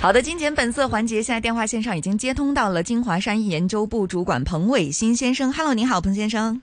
好的，金錢本色環節，現在電話綫上已經接通到了京華山一研究部主管彭偉新先生。Hello，你好，彭先生。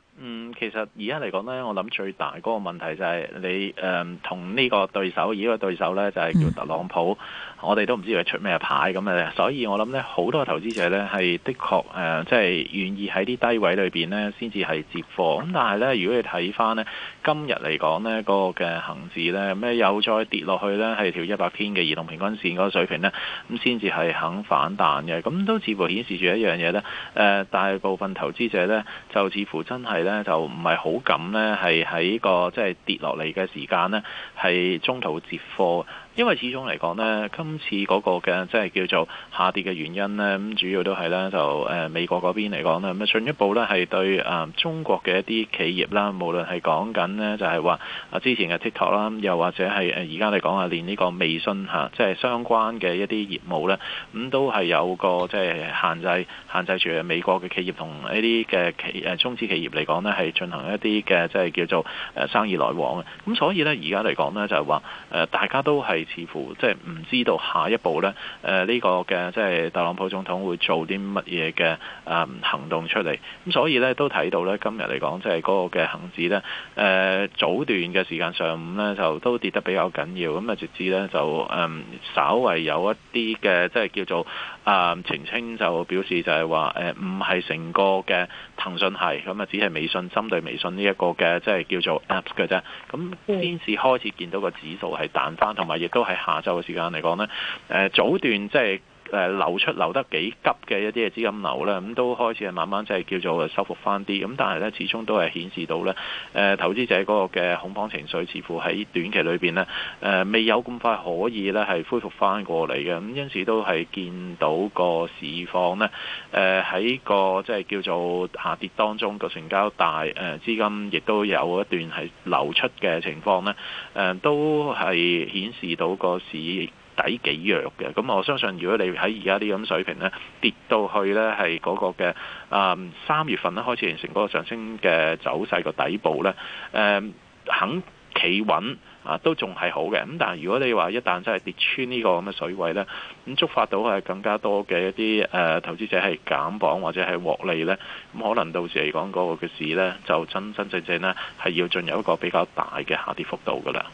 嗯，其實而家嚟講咧，我諗最大嗰個問題就係、是、你誒、嗯、同呢個對手，而家個對手咧就係、是、叫特朗普，我哋都唔知佢出咩牌咁嘅，所以我諗咧好多投資者咧係的確誒即係願意喺啲低位裏邊咧先至係接貨，咁但係咧，如果你睇翻咧今日嚟講咧，嗰、那個嘅恒指咧咩又再跌落去咧，係條一百天嘅移動平均線嗰個水平咧，咁先至係肯反彈嘅。咁都似乎顯示住一樣嘢咧，誒、呃、大部分投資者咧就似乎真係咧。咧就唔係好敢咧，係喺個即係跌落嚟嘅時間咧，係中途接貨。因為始終嚟講呢今次嗰個嘅即係叫做下跌嘅原因呢，咁主要都係呢就誒美國嗰邊嚟講呢咁進一步呢係對誒中國嘅一啲企業啦，無論係講緊呢就係話啊之前嘅 TikTok 啦，又或者係誒而家嚟講啊連呢個微信嚇，即係相關嘅一啲業務呢，咁都係有個即係限制限制住美國嘅企業同一啲嘅企誒中資企業嚟講呢係進行一啲嘅即係叫做誒生意來往啊，咁所以呢，而家嚟講呢就係話誒大家都係。似乎即係唔知道下一步咧，誒、呃、呢、呢個嘅即係特朗普總統會做啲乜嘢嘅誒行動出嚟，咁所以咧都睇到咧今日嚟講，即係嗰個嘅恒指咧，誒、呃、早段嘅時間上午咧就都跌得比較緊要，咁啊直至咧就誒、嗯、稍微有一啲嘅即係叫做啊、呃、澄清就表示就係話誒唔係成個嘅騰訊係，咁啊只係微信針對微信呢一個嘅即係叫做 Apps 嘅啫，咁先至開始見到個指數係彈翻，同埋亦。都係下晝嘅時間嚟講咧，誒，早段即係。誒流出流得幾急嘅一啲嘅資金流呢，咁都開始係慢慢即係叫做收復翻啲，咁但係呢，始終都係顯示到呢誒投資者嗰個嘅恐慌情緒似乎喺短期裏面呢，誒未有咁快可以呢係恢復翻過嚟嘅，咁因此都係見到個市況呢，誒喺個即係叫做下跌當中個成交大誒資金亦都有一段係流出嘅情況呢，都係顯示到個市底幾弱嘅，咁我相信如果你喺而家呢咁水平呢跌到去呢係嗰個嘅，啊、嗯、三月份呢開始形成嗰個上升嘅走勢個底部呢，嗯、肯企穩啊都仲係好嘅。咁但係如果你話一旦真係跌穿呢個咁嘅水位呢，咁觸發到係更加多嘅一啲、呃、投資者係減磅或者係獲利呢，咁可能到時嚟講嗰個嘅市呢，就真真正正呢係要進入一個比較大嘅下跌幅度噶啦。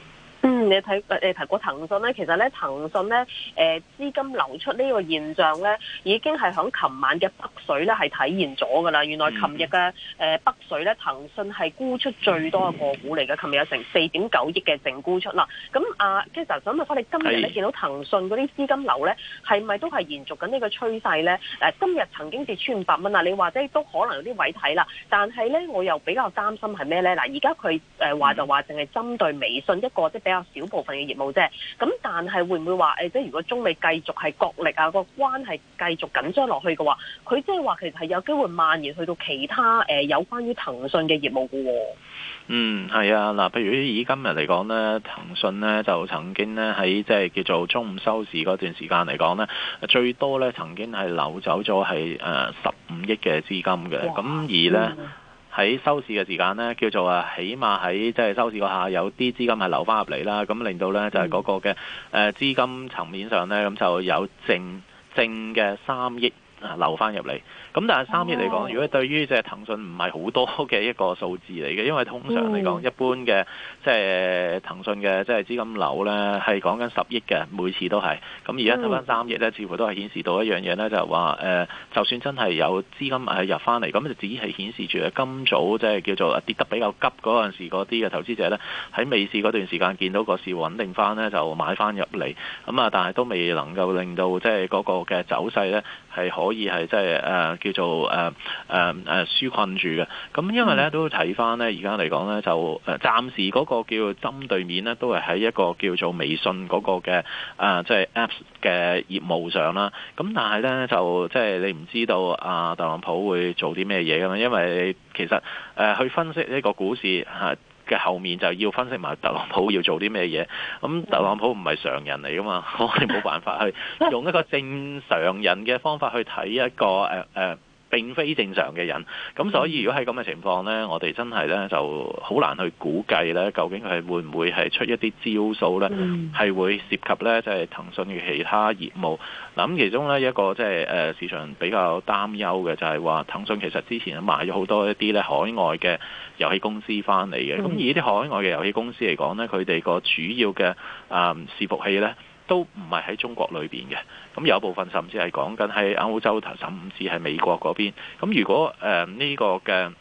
你睇誒提過騰訊咧，其實咧騰訊咧誒資金流出呢個現象咧，已經係響琴晚嘅北水咧係體現咗㗎啦。原來琴日嘅誒北水咧，騰訊係沽出最多嘅個股嚟嘅，琴日有成四點九億嘅淨沽出啦。咁啊，跟住就想問我哋今日咧見到騰訊嗰啲資金流咧，係咪都係延續緊呢個趨勢咧？誒、呃，今日曾經跌穿五百蚊啊，你話咧都可能有啲位睇啦。但係咧，我又比較擔心係咩咧？嗱，而家佢誒話就話淨係針對微信一個，即比較。少部分嘅業務啫，咁但係會唔會話誒？即係如果中美繼續係角力啊，個關係繼續緊張落去嘅話，佢即係話其實係有機會蔓延去到其他誒有關於騰訊嘅業務嘅喎、哦。嗯，係啊，嗱，譬如以今日嚟講呢，騰訊呢就曾經呢喺即係叫做中午收市嗰段時間嚟講呢，最多呢曾經係流走咗係誒十五億嘅資金嘅，咁而呢。嗯。喺收市嘅時間呢，叫做啊，起碼喺即係收市嗰下有啲資金係流翻入嚟啦，咁令到呢，就係嗰個嘅誒資金層面上呢，咁就有淨淨嘅三億。啊，流翻入嚟。咁但係三億嚟講，如果對於即係騰訊唔係好多嘅一個數字嚟嘅，因為通常嚟講，一般嘅即係騰訊嘅即係資金流呢，係講緊十億嘅，每次都係。咁而家收翻三億呢，似乎都係顯示到一樣嘢呢，就係話、是、誒，就算真係有資金入翻嚟，咁就只係顯示住今早即係、就是、叫做跌得比較急嗰陣時，嗰啲嘅投資者呢，喺尾市嗰段時間見到個市穩定翻呢，就買翻入嚟。咁啊，但係都未能夠令到即係嗰個嘅走勢呢係好。可以係即係誒叫做誒誒誒束困住嘅，咁因為咧都睇翻咧而家嚟講咧就誒暫時嗰個叫做針對面咧都係喺一個叫做微信嗰個嘅誒即係 Apps 嘅業務上啦，咁但係咧就即係你唔知道啊特朗普會做啲咩嘢㗎嘛，因為其實誒去分析呢個股市嚇。啊嘅後面就要分析埋特朗普要做啲咩嘢，咁特朗普唔係常人嚟噶嘛，我哋冇辦法去用一個正常人嘅方法去睇一個。誒、啊、誒。啊並非正常嘅人，咁所以如果喺咁嘅情況呢，我哋真係呢就好難去估計呢，究竟佢係會唔會係出一啲招數呢？係、嗯、會涉及呢，即、就、係、是、騰訊嘅其他業務。嗱，咁其中呢一個即、就、係、是呃、市場比較擔憂嘅就係話騰訊其實之前買咗好多一啲呢海外嘅遊戲公司翻嚟嘅。咁、嗯、以啲海外嘅遊戲公司嚟講呢，佢哋個主要嘅啊、呃、伺服器呢。都唔係喺中國裏邊嘅，咁有部分甚至係講緊喺歐洲，甚至係美國嗰邊。咁如果誒呢、呃這個嘅，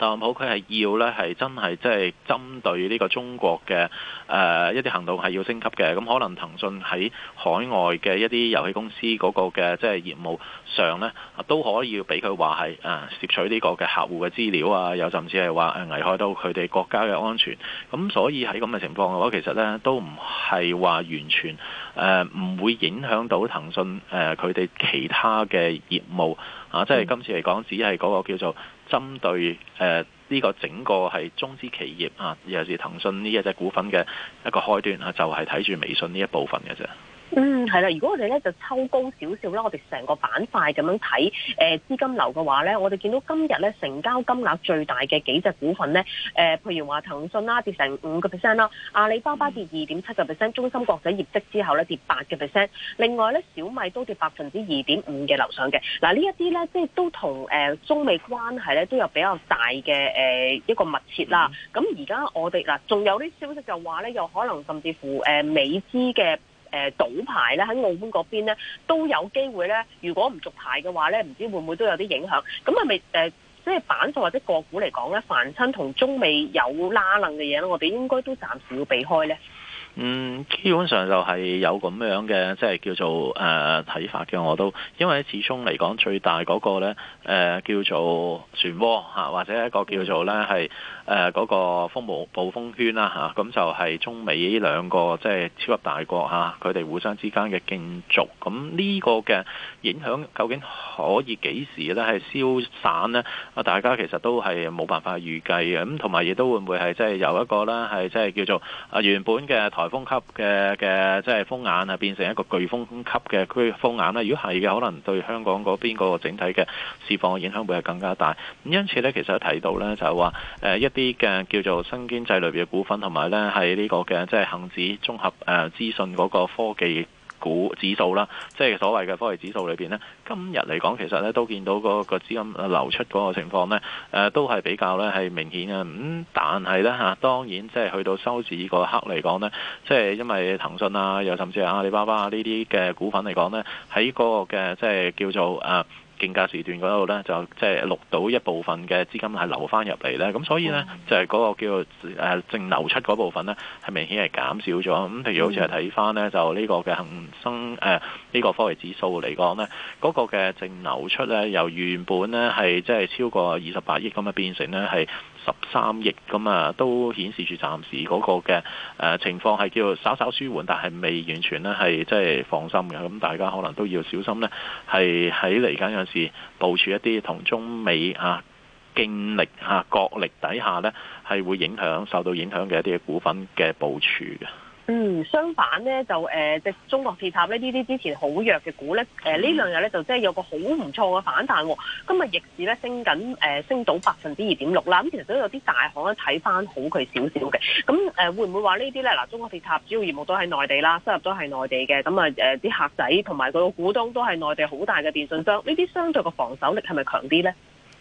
特朗普佢係要呢，係真係即係針對呢個中國嘅誒、呃、一啲行動係要升級嘅。咁可能騰訊喺海外嘅一啲遊戲公司嗰個嘅即係業務上呢，都可以俾佢話係攝取呢個嘅客戶嘅資料啊，有甚至係話危害到佢哋國家嘅安全。咁所以喺咁嘅情況嘅話，其實呢都唔係話完全誒唔、呃、會影響到騰訊誒佢哋其他嘅業務啊。即係今次嚟講，嗯、只係嗰個叫做。針對誒呢個整個係中資企業啊，尤其是騰訊呢一隻股份嘅一個開端啊，就係睇住微信呢一部分嘅啫。嗯，係啦。如果我哋咧就抽高少少啦，我哋成個板塊咁樣睇，誒、呃、資金流嘅話咧，我哋見到今日咧成交金額最大嘅幾隻股份咧，誒、呃、譬如話騰訊啦、啊，跌成五個 percent 啦，阿里巴巴跌二點七個 percent，中芯國際業績之後咧跌八個 percent，另外咧小米都跌百分之二點五嘅樓上嘅。嗱、呃，呢一啲咧即係都同誒、呃、中美關係咧都有比較大嘅誒、呃、一個密切啦。咁而家我哋嗱，仲、呃、有啲消息就話咧，有可能甚至乎誒、呃、美資嘅。誒、呃、賭牌咧喺澳門嗰邊咧都有機會咧，如果唔續牌嘅話咧，唔知會唔會都有啲影響？咁係咪誒，即係板數或者個股嚟講咧，凡親同中美有拉楞嘅嘢咧，我哋應該都暫時要避開咧。嗯，基本上就係有咁樣嘅，即、就、係、是、叫做誒睇、呃、法嘅，我都因為始終嚟講最大嗰個呢誒、呃、叫做漩渦吓、啊，或者一個叫做呢係誒嗰個風暴暴風圈啦吓，咁、啊、就係、是、中美兩個即係、就是、超級大國吓，佢、啊、哋互相之間嘅競逐，咁、啊、呢、這個嘅影響究竟可以幾時呢？係消散呢？啊，大家其實都係冇辦法預計嘅，咁同埋亦都會唔會係即係有一個呢係即係叫做啊原本嘅台。風級嘅、嘅即係風眼啊，變成一個颶風級嘅風眼，如果係嘅，可能對香港嗰邊嗰個整體嘅市況嘅影響會係更加大。咁因此咧，其實提到咧就係話，誒一啲嘅叫做新經濟類別嘅股份，同埋咧喺呢個嘅即係恆指綜合資訊嗰個科技。股指數啦，即係所謂嘅科技指數裏邊咧，今日嚟講其實咧都見到嗰個資金流出嗰個情況呢，誒都係比較呢係明顯呀。咁但係呢，嚇，當然即係去到收市嗰刻嚟講呢，即係因為騰訊啊，又甚至係阿里巴巴呢啲嘅股份嚟講呢，喺嗰個嘅即係叫做誒。競價時段嗰度呢，就即係錄到一部分嘅資金係流翻入嚟呢。咁所以呢，就係嗰個叫做淨流出嗰部分呢，係明顯係減少咗。咁譬如好似係睇翻呢，就呢個嘅恒生誒呢個科技指數嚟講呢，嗰個嘅淨流出呢，由原本呢係即係超過二十八億咁啊，變成呢，係。十三億咁啊，都顯示住暫時嗰個嘅誒、呃、情況係叫稍稍舒緩，但係未完全呢係即係放心嘅。咁大家可能都要小心呢，係喺嚟緊有時部署一啲同中美啊經力啊國力底下呢，係會影響受到影響嘅一啲股份嘅部署嘅。嘅。嗯，相反咧就誒，即、呃、中國鐵塔咧呢啲之前好弱嘅股咧，呃、兩呢兩日咧就即係有個好唔錯嘅反彈、哦，咁啊逆市咧升緊、呃，升到百分之二點六啦。咁其實都有啲大行咧睇翻好佢少少嘅，咁、嗯、誒、呃、會唔會話呢啲咧嗱？中國鐵塔主要業務都係內地啦，收入都係內地嘅，咁啊誒啲客仔同埋佢嘅股東都係內地好大嘅電信商，呢啲相對嘅防守力係咪強啲咧？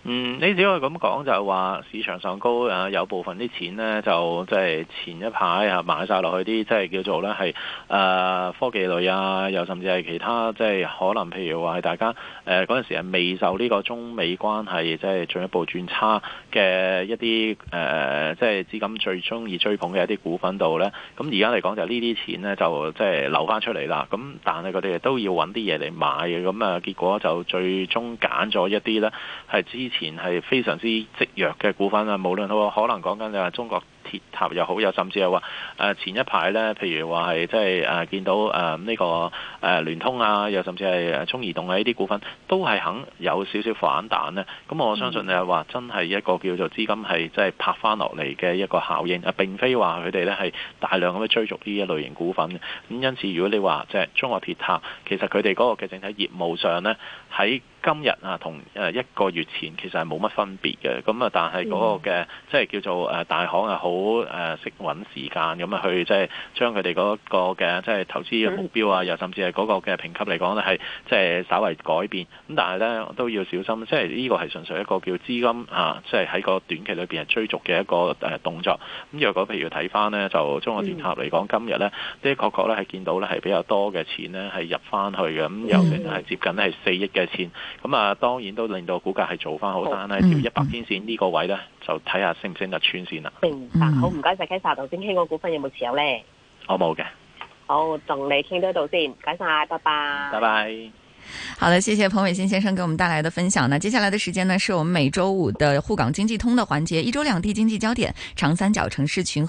嗯，你只可以咁講，就係話市場上高，有部分啲錢呢，就即係前一排嚇買晒落去啲，即係叫做呢係誒科技類啊，又甚至係其他，即係可能譬如話大家誒嗰陣時未受呢個中美關係即係進一步轉差嘅一啲誒，即係資金最中意追捧嘅一啲股份度呢。咁而家嚟講就呢啲錢呢，就即係流翻出嚟啦。咁但係佢哋都要揾啲嘢嚟買嘅，咁啊結果就最終揀咗一啲呢係資以前係非常之積弱嘅股份啊，無論可能講緊你話中國鐵塔又好，又甚至係話誒前一排呢，譬如話係即係誒見到誒呢個誒聯通啊，又甚至係誒中移動啊呢啲股份都係肯有少少反彈呢。咁、嗯、我相信你係話真係一個叫做資金係即係拍翻落嚟嘅一個效應啊，並非話佢哋呢係大量咁樣追逐呢一類型股份嘅。咁因此如果你話即係中國鐵塔，其實佢哋嗰個嘅整體業務上呢。喺。今日啊，同誒一個月前其實係冇乜分別嘅，咁啊，但係嗰個嘅、嗯、即係叫做誒大行啊，好誒識揾時間咁啊，去即係將佢哋嗰個嘅即係投資嘅目標啊，又甚至係嗰個嘅評級嚟講咧，係即係稍為改變。咁但係咧都要小心，即係呢個係純粹一個叫資金啊，即係喺個短期裏面係追逐嘅一個誒動作。咁若果譬如睇翻呢，就中國電塔嚟講、嗯，今日咧的確確咧係見到咧係比較多嘅錢咧係入翻去嘅，咁尤其係接近係四億嘅錢。咁、嗯、啊、嗯嗯，當然都令到股價係做翻好單啦。條一百天線呢個位咧，就睇下升唔升得穿先啦。明、嗯、白，好唔該晒。k 莎頭先傾嗰個股份有冇持有咧？我冇嘅，好，仲你傾得到先。唔該晒，拜拜，拜拜。好的，謝謝彭偉新先生給我們帶來嘅分享。那接下來嘅時間呢，是我們每周五的滬港經濟通的環節，一週兩地經濟焦點，長三角城市群。